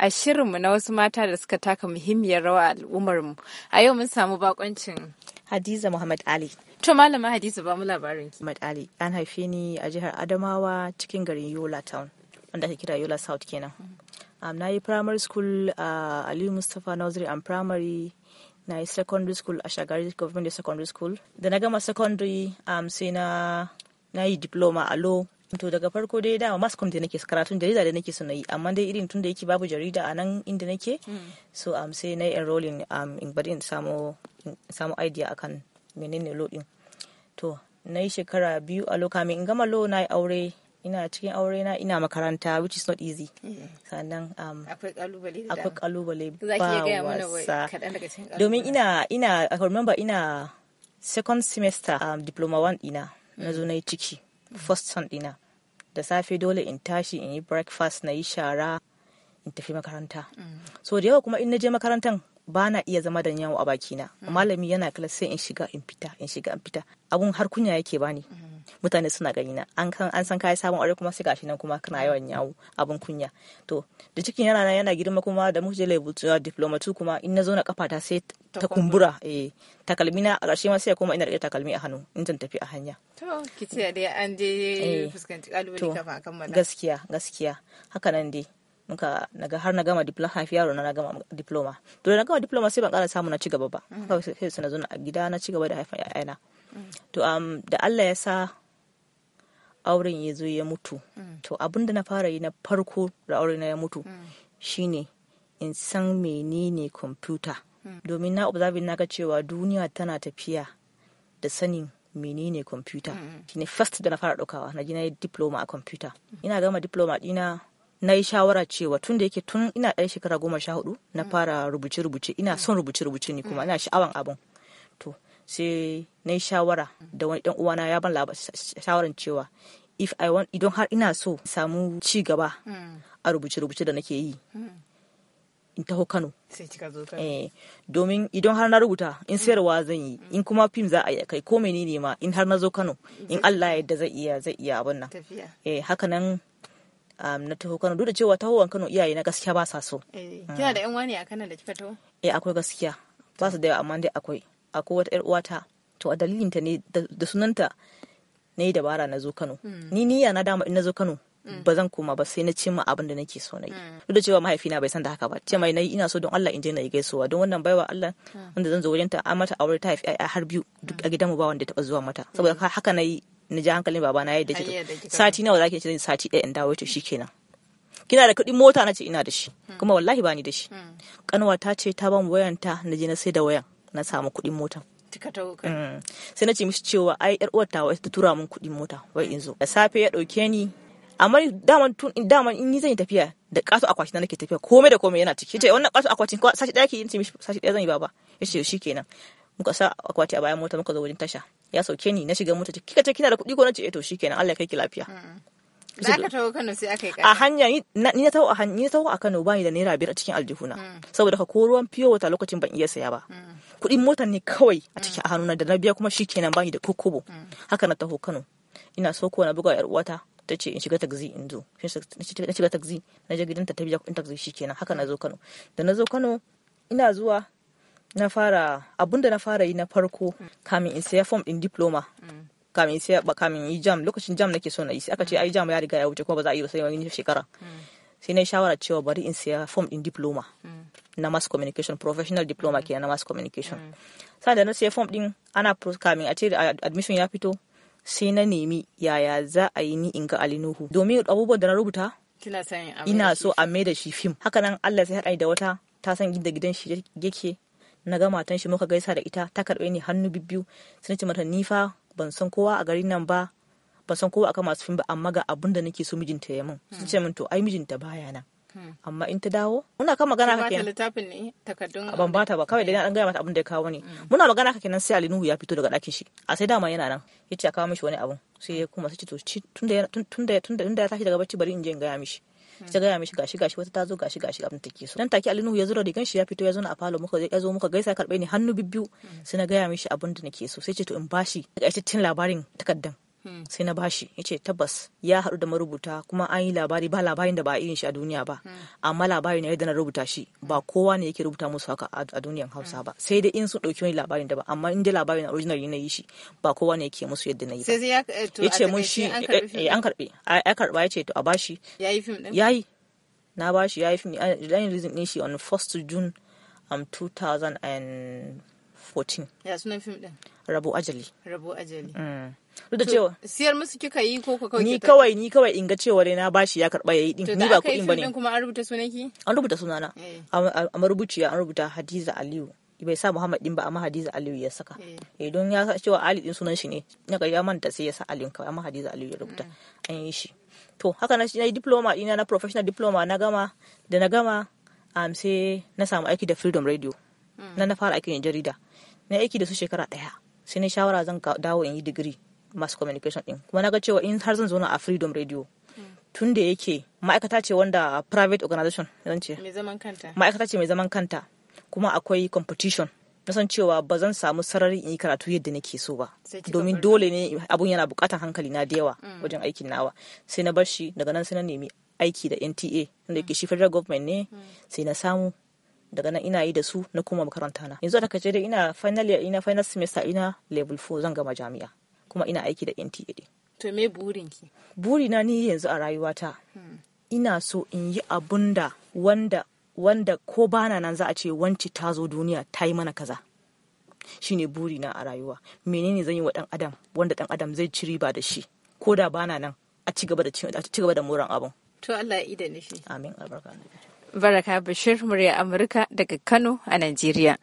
a shirinmu na wasu mata da suka taka muhimmiyar rawa a al'ummarmu. A yau mun samu bakoncin Hadiza Muhammad Ali. To malama Hadiza ba mu labarin ki. Muhammad Ali an haife ni a jihar Adamawa cikin garin Yola Town wanda ake kira Yola South kenan. Um, na yi primary school a uh, Aliyu Mustapha Nursery and Primary na yi secondary school a Shagari Government Secondary School. Da na gama secondary um, sai na na yi diploma a law to daga farko dai dama kom da nake karatun jarida da nake suna yi amma dai irin tun da yake babu jarida a nan inda nake hmm. so am um, sai na enrolling am um, in bari in samu samu idea akan menene lo din to na yi shekara biyu a lo kamin in gama lo na yi aure ina cikin aure na ina makaranta which is not easy hmm. sannan um, akwai kalubale akwai kalubale ba wasa domin ina ina I remember ina second semester um, diploma 1 ina na zo na yi ciki first son dina da safe dole in tashi in yi breakfast na yi shara in tafi makaranta so da yawa kuma in na je makarantan ba na iya zama da yawo a bakina malami yana kila sai in shiga in fita in shiga in fita abun har kunya yake bani mutane suna gani na an kan an san kai sabon aure kuma sai gashi nan kuma kana yawan yawo abun kunya to da cikin yana nan yana girma kuma da muke level diploma 2 kuma in na zo na kafa ta sai ta kumbura eh takalmi na a ƙarshe ma sai kuma ina da takalmi a hannu in zan tafi a hanya to ki ce dai an je eh. fuskanci kalubale kafa kan mana gaskiya gaskiya haka nan dai muka naga har na gama diploma haifi yaro na gama diploma to na gama diploma sai ban kara samu na ci gaba ba mm. sai sai na zo na gida na ci gaba da haifa 'ya'yana to um, da Allah ya sa auren ya zo ya mutu to abin da na fara yi na farko da auren ya mutu shine in san menene kwamfuta domin na observing na ga cewa duniya tana tafiya da sanin menene kwamfuta shine first da na fara ɗaukawa na ji na yi diploma a kwamfuta ina gama diploma dina. na yi shawara cewa tun da yake tun ina ɗaya shekara goma sha hudu na fara rubuce-rubuce ina son rubuce-rubuce ne kuma ina sha'awan abin to sai na yi shawara da wani dan uwana ya ban shawaran cewa if i want idan har ina so samu ci gaba hmm. a rubuce rubuce da nake yi hmm. in taho Kano eh domin idan har na rubuta in sayarwa zan yi in kuma fim za a yi kai ko menene ma in har na zo Kano in Allah ya yarda zai iya zai iya abin nan eh haka nan um, na taho Kano duk da cewa tahowan Kano iyaye na gaskiya ba sa so. Eh, kina da yan hmm. wani a Kano da kika taho? Eh akwai gaskiya. Ba su da yawa amma dai akwai. akwai wata yar uwata to a dalilin ta ne da sunanta na yi dabara na zo Kano hmm. ni niyya na dama in na zo Kano hmm. ba zan koma ba sai na cimma abin da nake so na yi hmm. duk da cewa mahaifina bai san da haka ba ce mai nayi ina so don Allah in je na yi gaisuwa don wannan baiwa Allah wanda zan zo wajen ta mata aure ta haifi har biyu duk a gidanmu ba wanda taba zuwa mata saboda haka nayi na ji hankalin babana ya dake sati nawa zaki ce sati ɗaya in dawo to shikenan kina da kuɗin mota na ce ina da shi kuma wallahi bani da shi kanwa ta ce ta mu wayanta na je na sai da wayan na samu kuɗin mota mm. sai na ce mishi cewa ai yar uwar ta ta tura min kuɗin mota wai in zo da safe ya ɗauke ni amma daman tun daman in ni zan yi tafiya da kaso akwati na nake tafiya komai da komai yana ciki Ita wannan akwati akwatin sashi daya in ce mishi sashi daya zan yi baba Ya yace shikenan muka sa akwati a bayan mota muka zo wurin tasha ya sauke ni na shiga mota kika ce kina da kuɗi ko na ce eh to shikenan Allah ya kai ki lafiya mm. Da taho Kano sai aka yi A hanya ni na taho a hanya ni na taho a Kano bani da naira biyar a cikin aljihuna. Hmm. Saboda ka ko ruwan fiyo wata lokacin ban iya saya ba. Hmm. Kuɗin mota ne kawai a hmm. cikin a hannuna da na biya kuma shikenan bani da kokobo. Haka na taho Kano. Ina so ko na buga yar uwata ta ce in shiga taxi in zo. Na shiga taxi na je gidanta ta biya kuɗin taxi shikenan haka na zo Kano. Da na zo Kano ina zuwa na fara abinda na fara yi na farko kamin in saya form din diploma kamin sai kamin yi jam lokacin jam nake so na yi sai aka ce ai jam ya riga ya wuce kuma ba za a yi ba sai wani shekara sai na shawara cewa bari in siya form din diploma na mass communication professional diploma kenan na mass communication sai da na siya form din ana kamin a ce admission ya fito sai na nemi yaya za a yi ni in ga alinuhu domin abubuwan da na rubuta ina so a mai da shi fim nan allah sai haɗa da wata ta san gidda gidan shi yake na ga matan shi muka gaisa da ita ta karɓe ni hannu bibbiyu sai ce mata nifa. ban san kowa a garin nan ba ban san kowa akan masu fim ba amma ga abun da nake so mijinta ya min sun ce min to ai mijinta baya na hmm. amma in ta dawo muna kan magana ka kenan littafin ne takaddun ban bata ba kawai dai an gaya mata abin da ya kawo ne hmm. muna magana ka kenan sai Alinuhu ya fito daga ɗakin shi a sai dama yana nan yace a kawo mishi wani abu sai ya kuma sai to tunda tunda tunda tunda ya tashi daga bacci bari in je in gaya mishi ta gaya mishi gashi gashi wata ta zo gashi gashi abin take so nan take Nuhu ya zura rigan shi ya fito ya zo na falo muka ya zo muka gaisa karbe ni hannu bibbiu sai na gaya mishi abin da nake so sai ce to in bashi tin labarin takaddan sai na bashi ya ce tabbas ya haɗu da marubuta kuma an yi labari ba labarin da ba a yin shi a duniya ba amma labarin ya yadda na rubuta shi ba kowa ne yake rubuta musu haka a duniyan hausa ba sai dai in sun ɗauki wani labarin da ba amma in dai labarin na original na yi shi ba kowa ne yake musu yadda na yi ba eh, ya ce mun shi eh, an karɓe ya karɓa ya ce to a bashi ya yi na bashi ya yi fim ɗin reason ɗin shi on 1st June um, 2014 ya sunan fim rabo ajali rabo ajali mm. duk da cewa siyar musu kika yi ko kawai ni kawai ni kawai in ga cewa na bashi ya karba yayi din ni ba kuɗin bane kuma an rubuta sunanki an rubuta sunana eh. a marubuciya an rubuta Hadiza Aliyu bai sa Muhammad din ba amma Hadiza Aliyu ya saka eh, eh don ya sa cewa Ali din sunan shi ne na ya manta sai ya sa Ali kawai amma Hadiza Aliyu ya rubuta mm. an yi shi to haka na yi diploma ina na professional diploma na gama da na gama um, sai na samu aiki da Freedom Radio mm. na na fara aikin jarida na aiki da su shekara ɗaya. sai na shawara zan dawo in yi digiri mass communication din kuma na ga cewa in har zan zo na a freedom radio tun da yake ma'aikata ce wanda private organization zan ce ma'aikata ce mai zaman kanta kuma akwai competition na san cewa ba zan samu sarari in yi karatu yadda nake so ba domin dole ne abun yana bukatan hankali na da yawa mm. wajen aikin nawa sai na bar shi daga nan sai na nemi aiki da NTA wanda yake shi federal government ne mm. sai na samu daga nan ina yi da su na kuma makaranta na yanzu da kace dai ina final year ina final semester ina level 4 zan gama jami'a kuma ina aiki da NTA to me burinki burina ni yanzu a rayuwata hmm. ina so in yi abun da wanda wanda ko bana nan za a ce wanci ta zo duniya ta yi mana kaza shine burina a rayuwa menene zan yi wa dan adam wanda dan adam zai ci riba da shi ko da bana nan a ci gaba da ci gaba da muran abun to Allah ya ida nishi amin albarka Baraka Bashir, murya Amurka daga Kano a Najeriya.